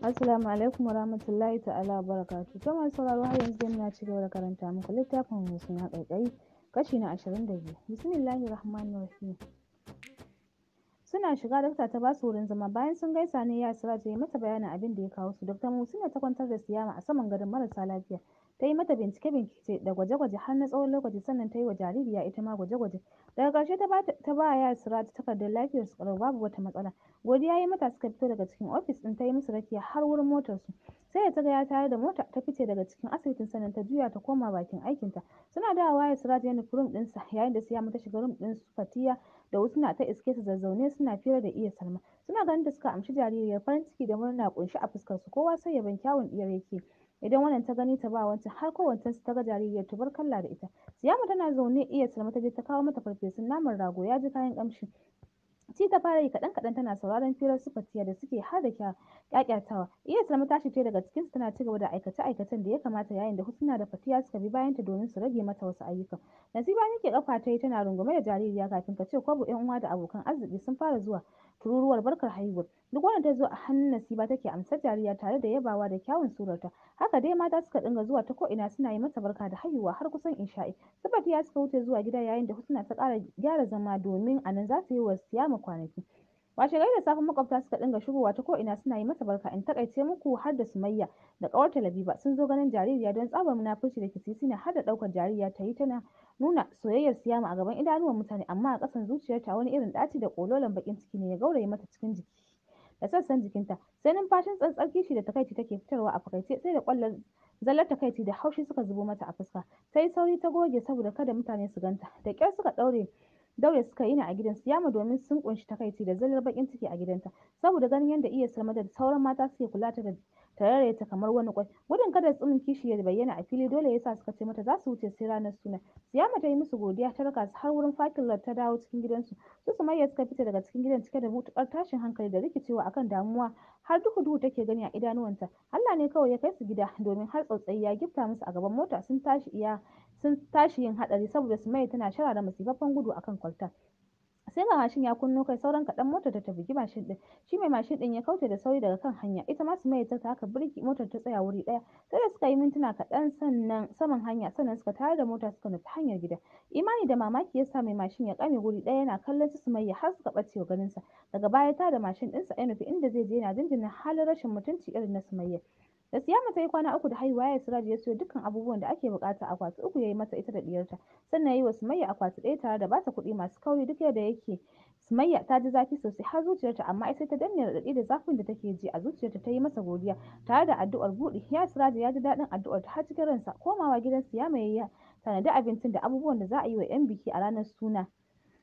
Assalamu alaikum wa rahmatullahi ta'ala wa barakatu. To masu sauraro har yanzu dai muna ci gaba da karanta muku littafin mai suna ƙaiƙayi kashi na ashirin da biyu. Bismillahi rahmani rahim. Suna shiga dakta ta basu wurin zama bayan sun gaisa ne ya sira ta yi mata bayanin abin da ya kawo su. Dakta Musina ta kwantar da siyama a saman gadon marasa lafiya. ta yi mata bincike-bincike da gwaje-gwaje har na tsawon lokaci sannan ta yi wa jaririya ita ma gwaje-gwaje daga ƙarshe ta ba ya Yasira takardar lafiyar su ƙarau babu wata matsala godiya ya yi mata suka fito daga cikin ofis ɗin ta yi musu rakiya har wurin motar su sai da ta ga ya tare da mota ta fice daga cikin asibitin sannan ta juya ta koma bakin aikin ta suna dawowa Yasira ya nufi din sa yayin da ya mata shiga rum ɗin Fatiya da Usna ta iske su zazzaune suna fira da iya Salma suna ganin da suka amshi jaririyar farin ciki da murna kunshi a fuskar su kowa sai ya ban kyawun diyar yake idan wannan ta gani ta ba wancan har wancan su ta ga jaririyar bar kalla da ita siyama tana zaune iya salma ta je ta kawo mata farfesun naman rago ya ji kayan kamshi ci ta fara yi kaɗan kaɗan tana sauraron firar su fatiya da suke har da kyakyatawa iya salma ta ce daga cikin su tana cigaba da aikace aikacen da ya kamata yayin da husna da fatiya suka bi bayanta domin su rage mata wasu ayyukan nasiba yake kafa ta yi tana rungume da jaririya kafin ka ce kwabo yan uwa da abokan arziki sun fara zuwa tururuwar barkar haihuwar Duk wanda ta zo a hannun Nasiba take amsar jariya tare da yabawa da kyawun surarta. Haka dai mata suka dinga zuwa ta ko'ina suna yi mata barka da haihuwa har kusan insha'i. Sabat ya suka wuce zuwa gida yayin da Husna ta ƙara gyara zama domin a nan za su yi wa Siyama kwanaki. Washe gari da safin makwabta suka dinga shigowa ta ko'ina suna yi mata barka in takaice muku har da Sumayya da ƙawarta Labiba sun zo ganin jaririya don tsabar munafurci da kisisi suna har da ɗaukar jaririya ta yi tana nuna soyayyar siyama a gaban idanuwan mutane amma a kasan zuciyarta wani irin ɗaci da ƙololan bakin ciki ne ya gauraye mata cikin jiki. da sassan jikinta sai numfashin tsantsar kishi da takaici take fitarwa a fakaice sai da kwallon zallar takaici da haushi suka zubo mata a fuska ta yi sauri ta goge saboda kada mutane su ganta da kyar suka ɗaure Dauya suka yi ne a gidan Siyama domin sun kunshi takaici da zallar bakin ciki a gidanta saboda ganin yadda iya sarmata da sauran mata suke kula ta da tarare ta kamar wani kwai gudun kada tsumin kishi ya bayyana a fili dole yasa suka ce mata za su wuce sai ranar suna siyama ta yi musu godiya ta raka su har wurin fakilar ta dawo cikin gidansu su su sumayya suka fita daga cikin gidan cike da mutukar tashin hankali da rikicewa akan damuwa har duhu duhu take gani a idanuwanta Allah ne kawai ya kai su gida domin har tsautsayi ya gifta musu a gaban mota sun tashi iya sun tashi yin haɗari saboda su maye tana shara da masifaffen gudu akan kwalta. sai ga mashin ya kunno kai sauran kaɗan motar ta bugi mashin ɗin shi mai mashin ɗin ya kauce da sauri daga kan hanya ita ma sumaye ta taka birki motar ta tsaya wuri daya sai da suka yi mintuna kaɗan sannan saman hanya sannan suka tare da mota suka nufi hanyar gida imani da mamaki ya sa mai mashin ya kame guri ɗaya yana kallon su Sumayya har suka bace wa sa daga baya ta da mashin sa ya nufi inda zai je yana dindina halin rashin mutunci irin na Sumayya Da Siyama ta yi kwana uku da haihuwa ya Siraj ya siyo dukkan abubuwan da ake bukata akwati uku yi mata ita da diyarta. Sannan yayi wa Sumayya akwati ɗaya tare da bata kuɗi masu kauri duk yadda yake Sumayya ta ji zafi sosai har zuciyarta amma sai ta danne raɗaɗi da zafin da take ji a zuciyarta ta yi masa godiya tare da addu'ar buɗe Ya Siraji ya ji daɗin addu'ar ta har cikin ransa komawa gidan Siyama yayi tanadi abincin da abubuwan da za a yi wa 'yan biki a ranar suna.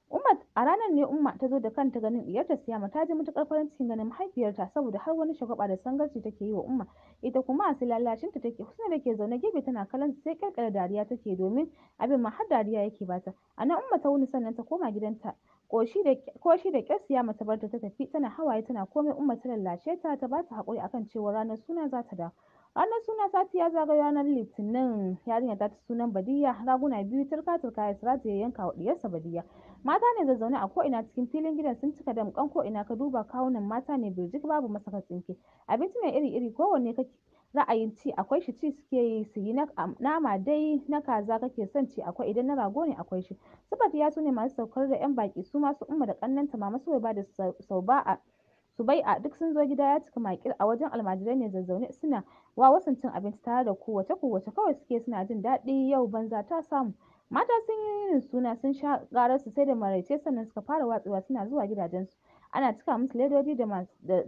Umma a ranar ne Umma ta zo da kanta ganin iyarta Siyama ta ji matukar farin cikin ganin mahaifiyarta saboda har wani shagwaba da sangarci take yi wa Umma ita kuma a lalacin ta take Husna da ke zaune gefe tana kallon sai kirkira dariya take domin abin ma har dariya yake bata a Umma ta wuni sannan ta koma gidanta koshi da koshi da kyar Siyama ta barta ta tafi tana hawaye tana komai Umma ta lallace ta ta bata hakuri akan cewa ranar suna za ta dawo ranar suna sati ya zagayo ranar litinin yarinya ta sunan badiya raguna biyu turka turka ya sira ya yanka wa diyarsa badiya Mata ne zazzaune a ko'ina cikin filin gidan sun cika damƙan ko'ina ka duba kawunan mata ne birjik babu masaka tsinke. Abinci ne iri-iri kowanne kake ra'ayin ci akwai shi ci suke yi su yi nama dai na kaza kake son ci akwai idan na rago ne akwai shi. Su ya su ne masu saukar da 'yan baki su masu Umma da ta Mama su ba da bai a duk sun zo gida ya cika makil a wajen almajirai ne zazzaune suna wasan cin abinci tare da kowace kowace kawai suke suna jin daɗi yau banza ta samu. mata sun yi yin suna sun sha su sai da maraice sannan suka fara watsewa suna zuwa gidajensu ana cika musu ledoji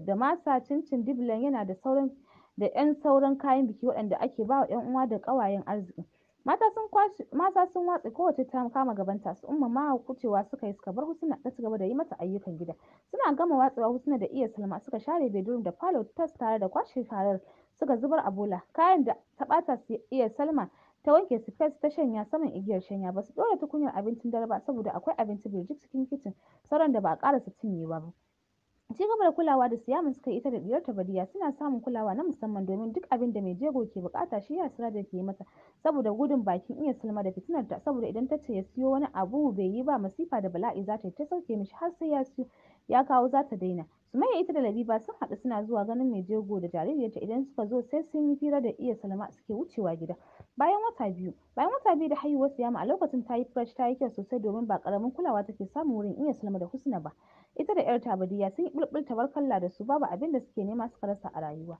da masa cincin dibilan yana da sauran da 'yan sauran kayan biki waɗanda ake ba wa 'yan uwa da ƙawayen arziki mata sun kwashe mata sun watse kowace ta kama gabanta su umma ma kucewa suka yi suka bar husna ta gaba da yi mata ayyukan gida suna gama watsewa husna da iya salma suka share bedroom da falo tas tare da kwashe karar suka zubar a bola kayan da ta bata su iya salma ta wanke sifes ta shanya saman igiyar shanya ba su ɗora tukunyar abincin dare ba saboda akwai abinci birjik cikin kicin sauran da ba a su cinyewa ba ci gaba da kulawa da siyamin suka ita da ta badiya suna samun kulawa na musamman domin duk abin da mai jego ke bukata shi ya yasira da ke mata saboda gudun bakin iya sulma da fitinar ta saboda idan ta ce ya siyo wani abu bai yi ba masifa da bala'i za ta yi ta sauke mishi har sai ya siyo ya kawo za ta daina sumaya ita da Labiba sun haɗu suna zuwa ganin mai jego da jaririyarta idan suka zo sai sun yi hira da iya salama suke wucewa gida. Bayan wata biyu, bayan wata biyu da haihuwar Siyama a lokacin ta yi fresh ta yi kyau sosai domin ba ƙaramin kulawa take samu wurin iya salama da Husna ba. Ita da ‘yarta Badiya sun yi ɓulɓul tabarkalla da su babu abin da suke nema suka rasa a rayuwa.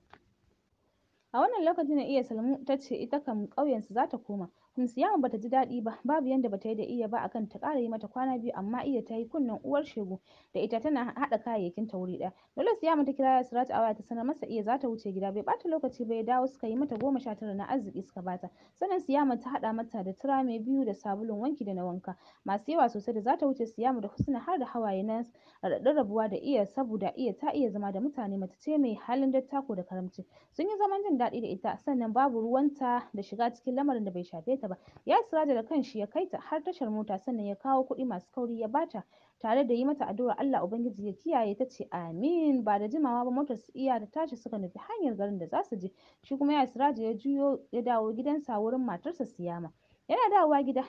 A wannan lokacin da iya salamu ta ce ita kam ƙauyensu za ta koma Minsiyama bata ji daɗi ba, babu yanda bata yi da Iya ba akan ta ƙara yi mata kwana biyu amma Iya ta yi kunnen uwar shegu da ita tana haɗa kayayyakin ta wuri ɗaya. Dole Siyama ta kira Siraj a waya ta sanar masa Iya zata wuce gida bai ɓata lokaci ba ya dawo suka yi mata goma sha tara na arziki suka bata. Sannan Siyama ta haɗa mata da mai biyu da sabulun wanki da na wanka masu yawa sosai da zata ta wuce Siyama da Husna har da hawaye na raɗaɗin rabuwa da Iya saboda Iya ta iya zama da mutane mace ce mai halin dattako da karamci. Sun yi zaman jin daɗi da ita sannan babu ruwanta da shiga cikin lamarin da bai shafe ta ba ya daga kan shi ya kai ta har tashar mota sannan ya kawo kuɗi masu kauri ya bata tare da yi mata addu'ar Allah ubangiji ya kiyaye ta ce amin ba da jimawa ba motar su iya da tashi suka nufi hanyar garin da za su je shi kuma ya siraja ya juyo ya dawo gidansa wurin matarsa siyama yana dawowa gida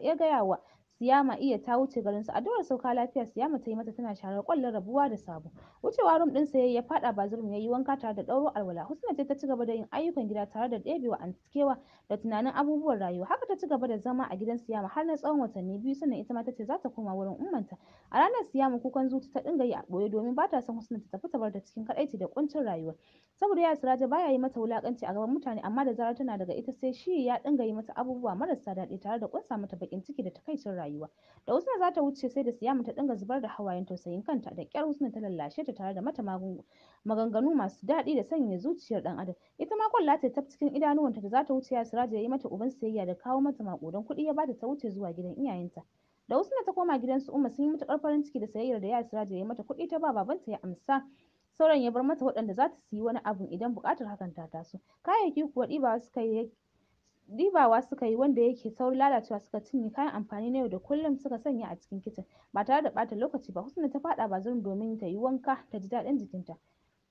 ya gaya wa Siyama iya ta wuce garinsu addu'ar sauka lafiya Siyama ta yi mata tana sharar kwallon rabuwa da sabo. Wucewa rum din sa ya faɗa bazurum ya yi wanka tare da dauro alwala. Husna ce ta ci gaba da yin ayyukan gida tare da ɗebewa ankewa, da tunanin abubuwan rayuwa. Haka ta ci gaba da zama a gidan Siyama har na tsawon watanni biyu sannan ita ma ta ce za ta koma wurin ummanta. A ranar Siyama kukan zuci ta dinga yi a boye domin ba ta son Husna ta tafi ta bar ta cikin kadaici da kuncin rayuwa. Saboda ya Siraja baya yi mata wulakanci a gaban mutane amma da zarar tana daga ita sai shi ya dinga yi mata abubuwa marasa daɗi tare da kunsa mata bakin ciki da takaicin rayuwa. rayuwa da husna za ta wuce sai da siyama ta dinga zubar da hawayen tausayin kanta da kyar husna ta lallashe ta tare da mata maganganu masu daɗi da sanya zuciyar dan adam ita ma kwalla ta tab cikin idanuwanta da za ta wuce ya siraja ya yi mata uban siyayya da kawo mata makodan kuɗi ya bata ta wuce zuwa gidan iyayenta da husna ta koma gidan su umma sun yi mata farin ciki da sayayyar da ya siraja ya yi mata kuɗi ta ba babanta ya amsa sauran ya bar mata waɗanda zata ta siyi wani abu idan bukatar hakan ta taso kayayyaki kuwa ɗiba suka yi ɗibawa suka yi wanda yake saurin lalacewa suka cinye kayan amfani na yau da kullum suka sanya a cikin kicin ba tare da bata lokaci ba husna ta faɗa bazurin domin ta yi wanka ta ji daɗin jikinta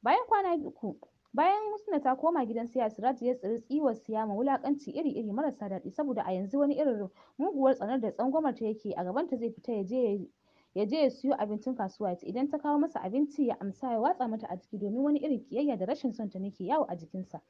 bayan kwana uku bayan husna ta koma gidan siya siraj ya tsiri tsiwar siya ma wulakanci iri iri marasa daɗi saboda a yanzu wani irin muguwar tsanar da tsangwamar ta yake a gaban ta zai fita ya je ya je ya siyo abincin kasuwa ya ci idan ta kawo masa abinci ya amsa ya watsa mata a jiki domin wani irin kiyayya da rashin son ta nake yawo a jikinsa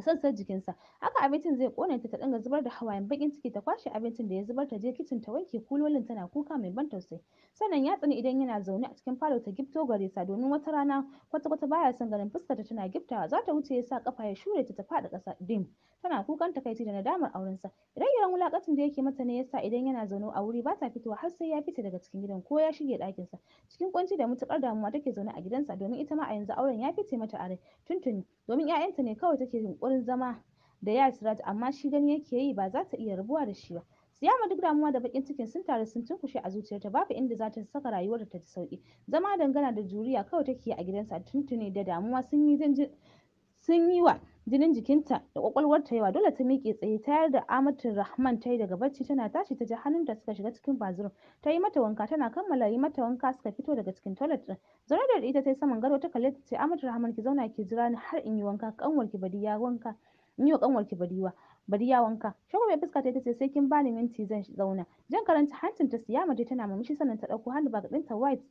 sassan jikinsa haka abincin zai kone ta ta dinga zubar da hawayen bakin ciki ta kwashe abincin da ya zubar ta je kicin ta wanke kulolin tana kuka mai ban tausayi sannan ya tsani idan yana zaune a cikin falo ta gifto gare sa domin wata rana kwata kwata baya son ganin fuskar ta tana gifta za ta wuce ya sa kafa ya shure ta ta fada kasa dim tana kukan takaici da nadamar auren sa idan iren wulakacin da yake mata ne yasa idan yana zaune a wuri ba ta fitowa har sai ya fita daga cikin gidan ko ya shige ɗakin sa cikin kunci da mutukar damuwa take zaune a gidansa domin ita ma a yanzu auren ya fice mata a rai tuntuni domin 'ya'yanta ne kawai take yunƙurin zama da Yasiraj amma shi gani yake yi ba za ta iya rabuwa da shi ba. Siyama duk damuwa da bakin cikin sun taru sun tunkushe a zuciyarta babu inda za ta saka rayuwarta ta ta sauki. Zama dangana da juriya kawai take a gidansa tuntuni da damuwa sun yi sun yi wa jinin jikinta da ta yawa dole ta miƙe tsaye tayar da amatin rahman ta yi daga bacci tana tashi ta ji da suka shiga cikin bazur ta yi mata wanka tana kammala yi mata wanka suka fito daga cikin toilet din zaune da ita ta yi saman gado ta kalle ta ce amatin rahman ki zauna ki jira ni har in yi wanka kanwar ki badiya wanka in yi wa kanwar ki bari ya wanka shago mai fuska ta ce sai kin bani minti zan zauna jan karanta hancin ta siya mace tana murmushi sannan ta ɗauko handbag ta white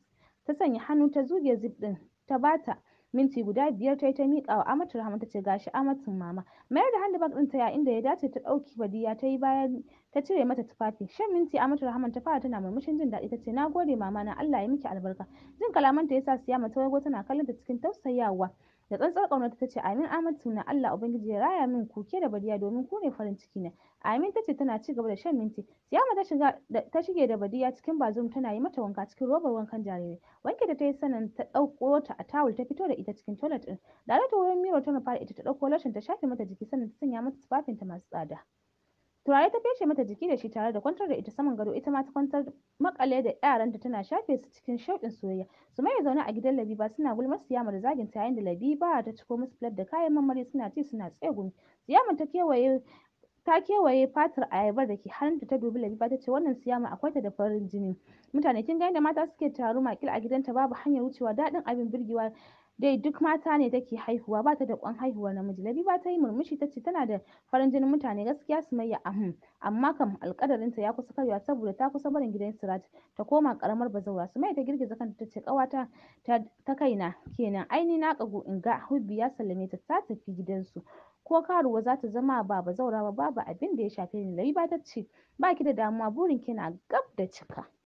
ta sanya hannu ta zuge zip din ta bata minti guda biyar ta yi ta miƙa wa amatu rahama ta ce gashi amatun mama mayar da handbag ɗin ta ya inda ya dace ta ɗauki badiya ta yi bayan ta cire mata tufafi shan minti amatu rahama ta fara tana murmushin jin daɗi ta ce na gode mama na Allah ya miki albarka jin kalamanta ya sa siyama ta wago tana kallon cikin tausayawa da tsantsar ƙaunarta ta ce amin amatu na Allah ubangiji ya raya min kuke da badiya domin ku ne farin ciki na amin ta ce tana ci gaba da shan minti siyama ta shiga ta shige da badiya cikin bazum tana yi mata wanka cikin robar wankan jarirai wanke da ta yi sanan ta ɗauko ta a tawul ta fito da ita cikin toilet ɗin da ta wurin miro ta fara ita ta ɗauko lashin ta shafe mata jiki sanan ta sanya mata ta masu tsada turare ta feshe mata jiki da shi tare da kwantar da ita saman gado ita ma ta kwantar makale da yaranta tana shafe su cikin shauƙin soyayya Su ya zaune a gidan labiba suna gulmar siyama da zagin ta yayin da labiba ta ciko musu plate da kayan marmari suna ci suna tsegumi siyama ta kewaye ta kewaye fatar ayabar da ke hannunta ta dubi labiba ta ce wannan siyama akwai ta da farin jini mutane kin ga yadda mata suke taru makil a gidanta babu hanyar wucewa daɗin abin birgewa dai duk mata ne take haihuwa ba ta da kwan haihuwar namiji Labiba ta yi murmushi ta ce tana da farin jinin mutane gaskiya su ya ahun amma kam alƙadarinta ya kusa karya saboda ta kusa barin gidan Sirat ta koma karamar bazawara Sumayya ta girgiza kanta ta ce ƙawata ta kaina kenan aini na kagu in ga Hubbi ya sallame ta ta tafi gidansu ko karuwa za ta zama ba bazaura ba babu abin da ya shafe ni Labiba ta ce ba ki da damuwa burin kina gab da cika